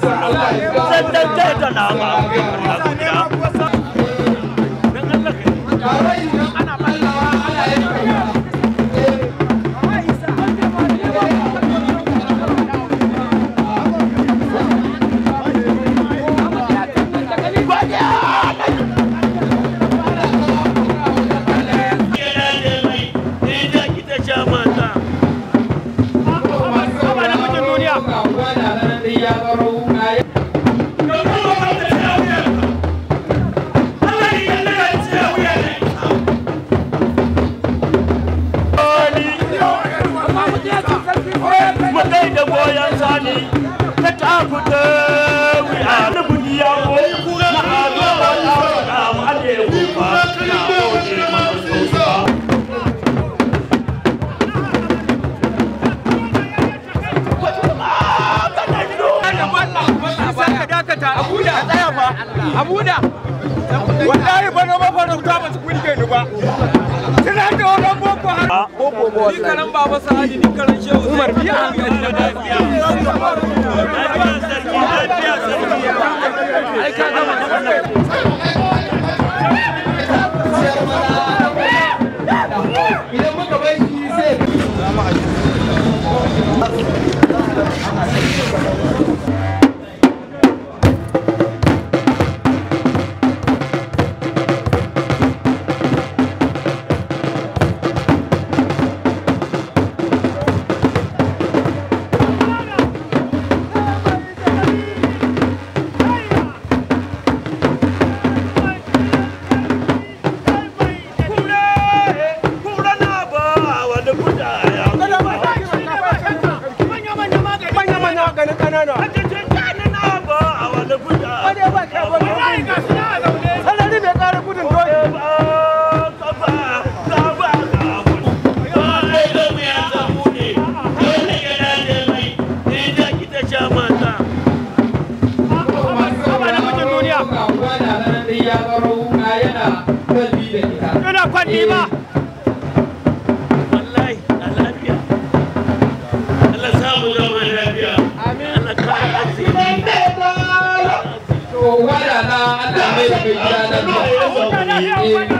kullum zan dan kai nama goyon sani ta ta wuya na ya ko na ado ba ta na goje masu sosa. ba su kunke ni ba. Ina da wannan boko har. Boko bo Ni karan baba Sa'adi ni karan Shehu. Umar biya. na ka ga Idan muka bai shi sai. gidana Allah mai da mai gidana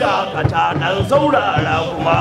Dakata nan saurara kuma.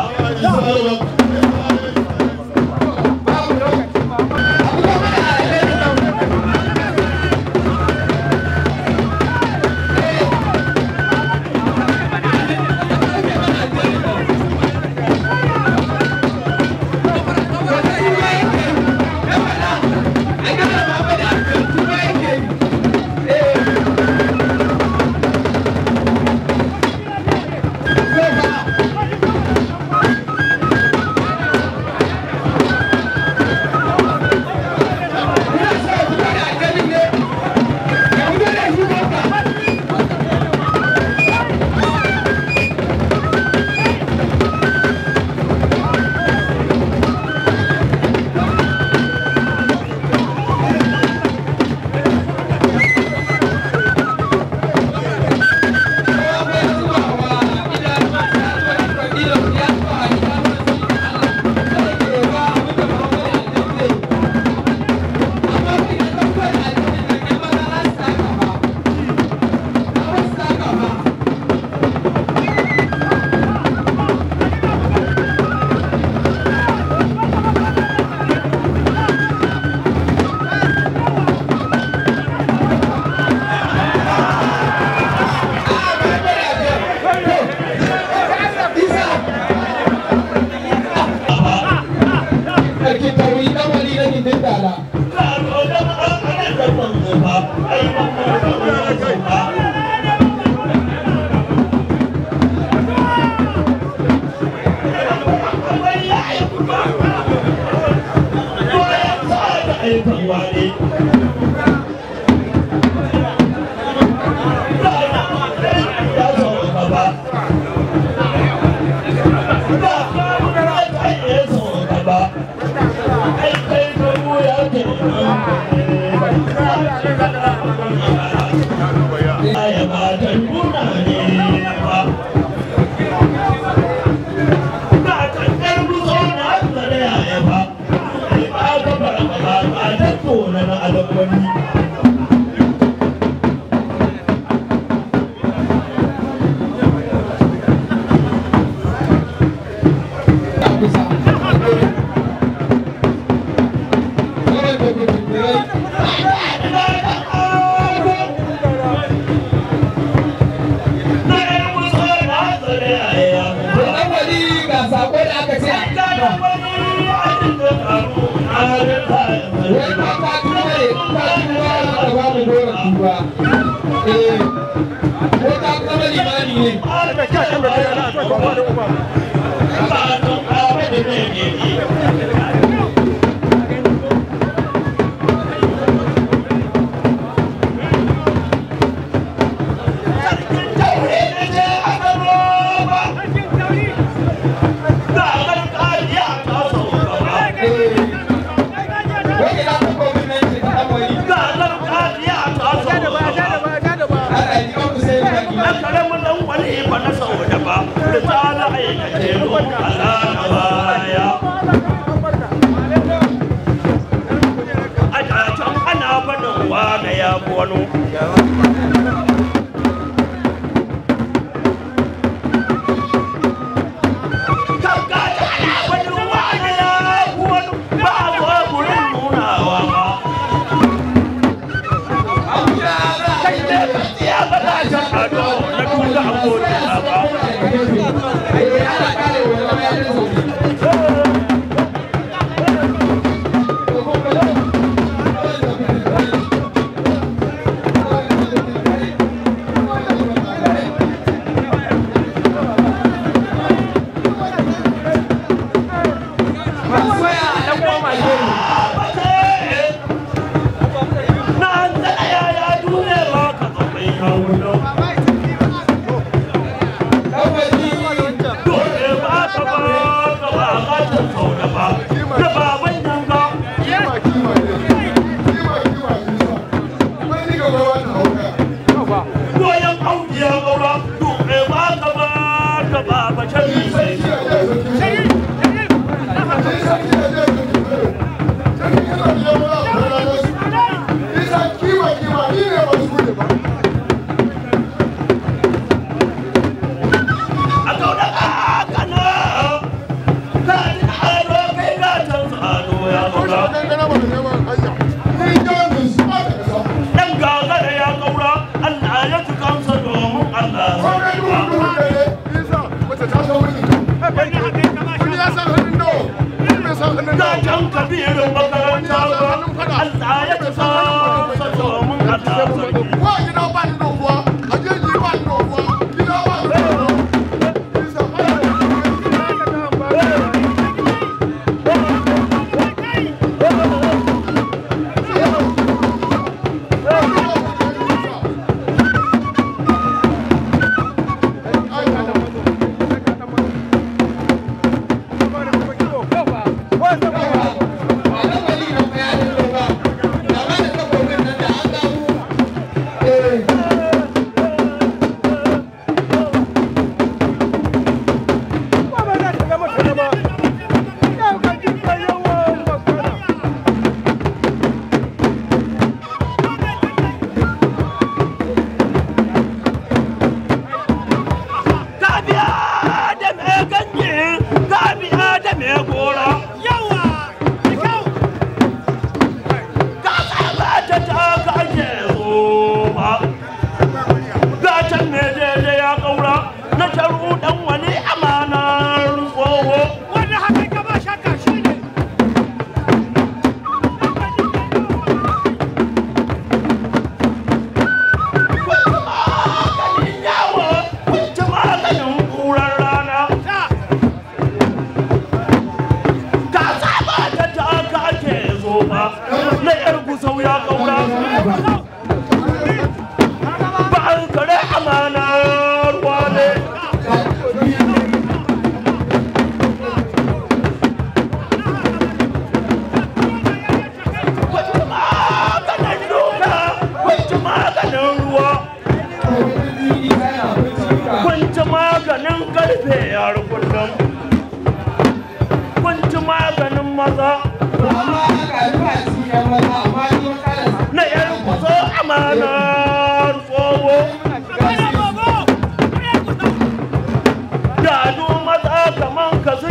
irin makarantar ba Allah ya ci sa mun haɗa sarki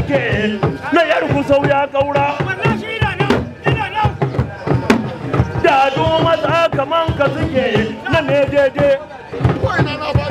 ake na yar kusau ya kaura da doma kaman ka suke na ne daidai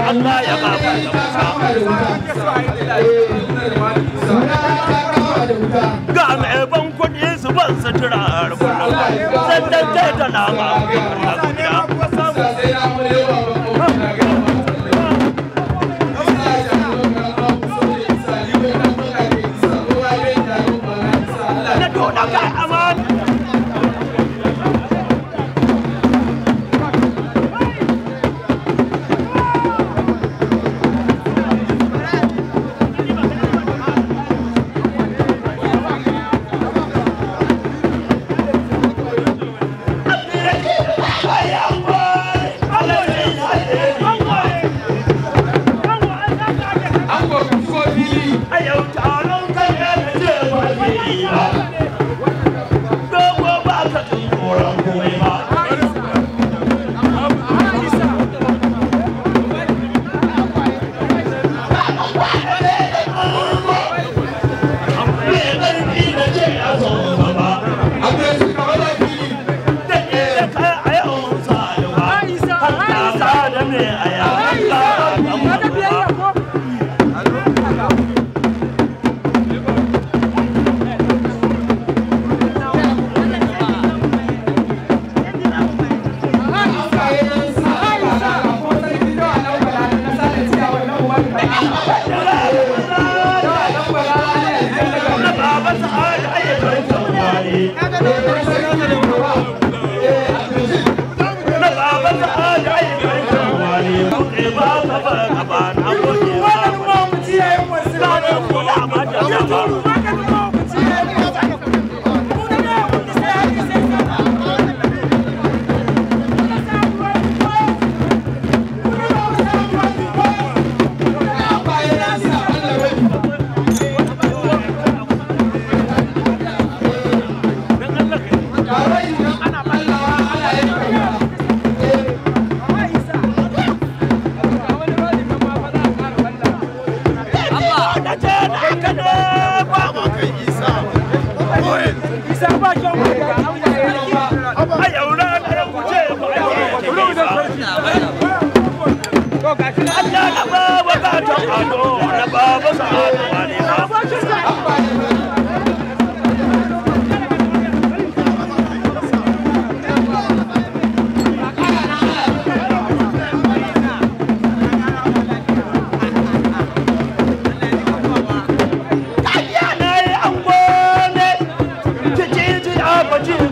Allah ya ba ka ga mai ban kuɗi su ban sutura sannan kai da nama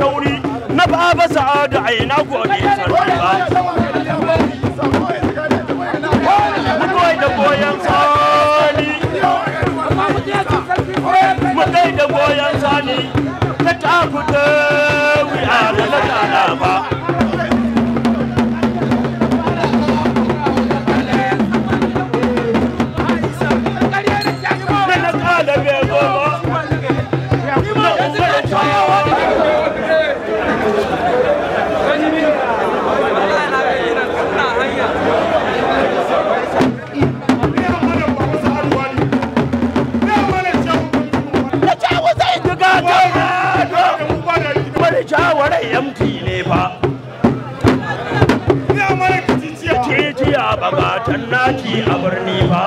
tauri na ba ba sa'ada a ina gode sarki ba mutuwai da goyon sani mutai da goyon sani ta ta ta wi'a da na ba yi a birni fa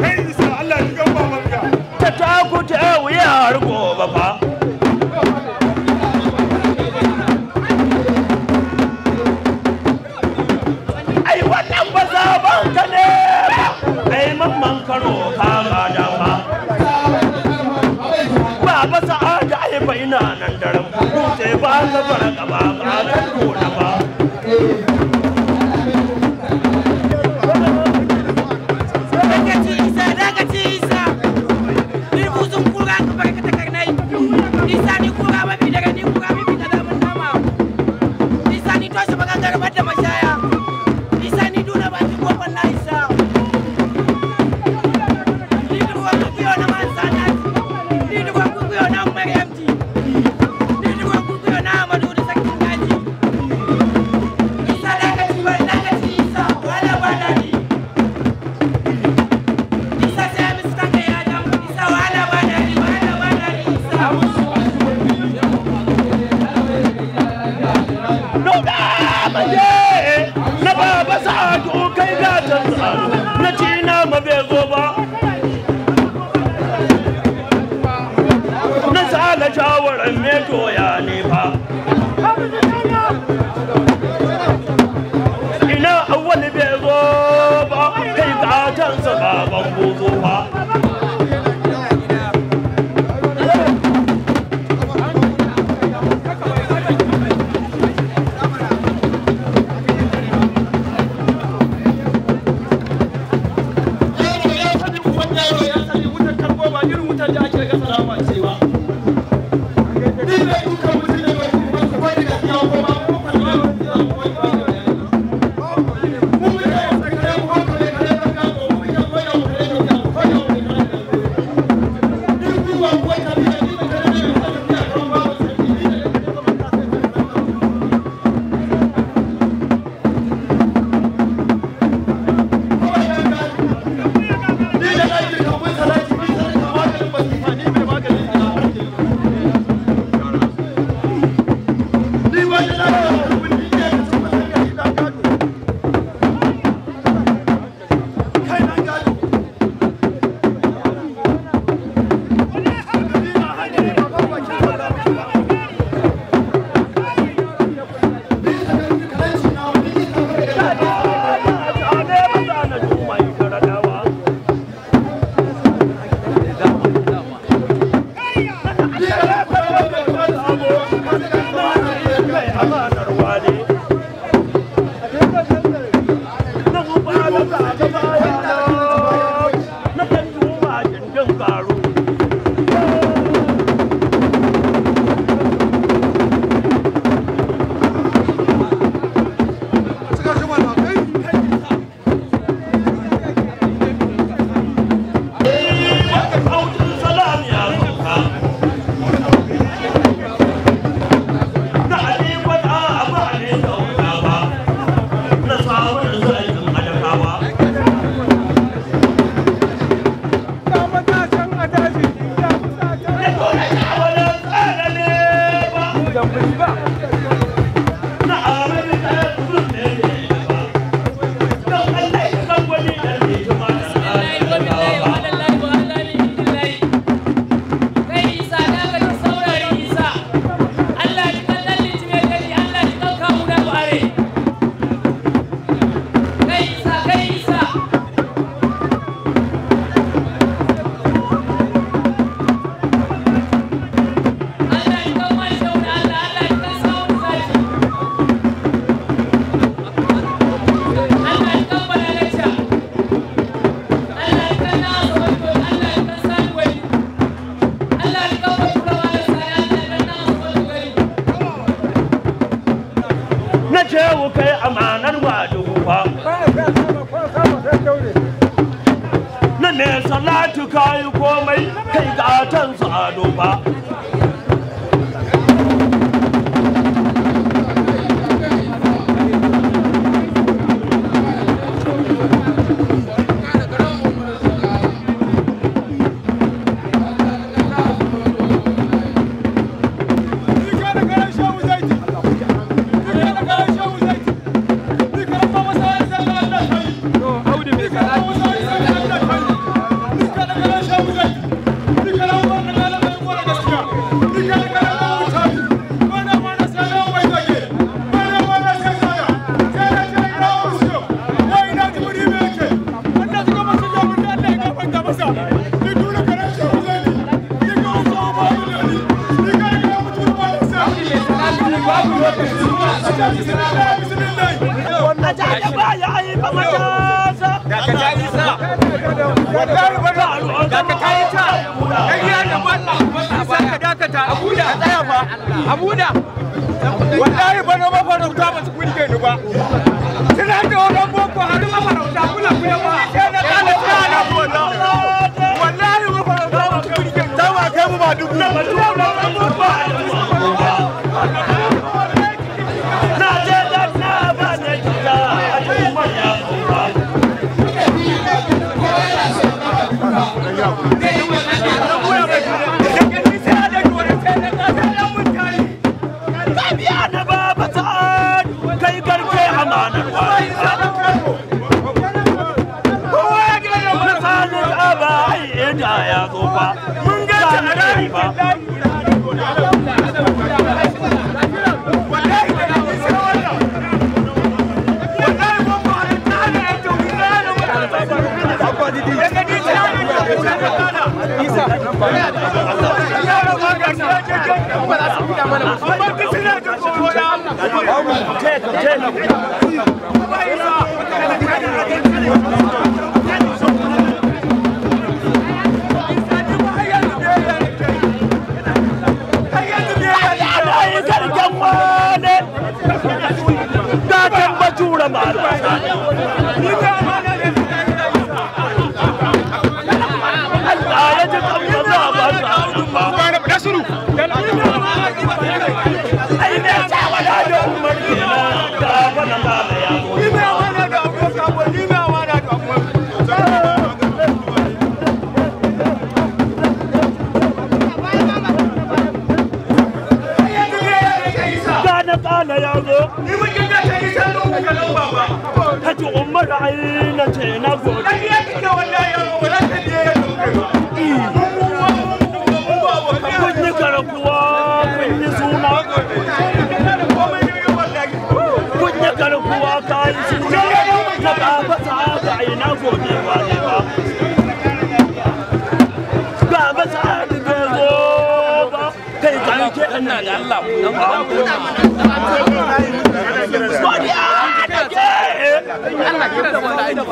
kai isa Allah ya gan babanka ta taku ta wuya har gobe fa ai wannan ba zaban ka ne ai mamman karo ka 那……那…… kayi komai kai gatan su ado ba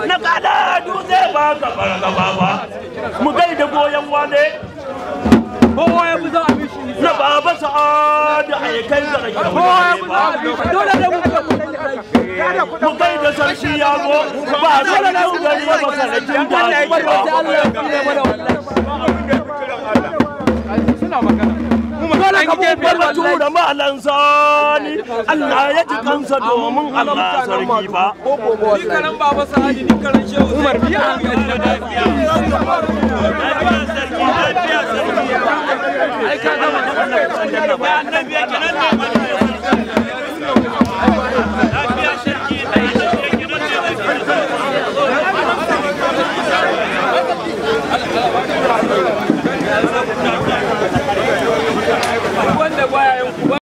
na kada dutse ba ka fargaba ba mu gaida goyon wane kowa ya fi za a bishi na baba sa'adu a yakan da rage kowa ya fi za a bishi dole da mu kai da sarki ya go ba dole da mu gari ba masarakin da ba ba ba ba ba ba ba ba ba ba ba ba ba ba ba dole ka bu barwa tura malan sani Allah ya ji kansa domin Allah sarki ba ni karan baba sa'adi ni karan shehu Umar biya ai ka wannan annabi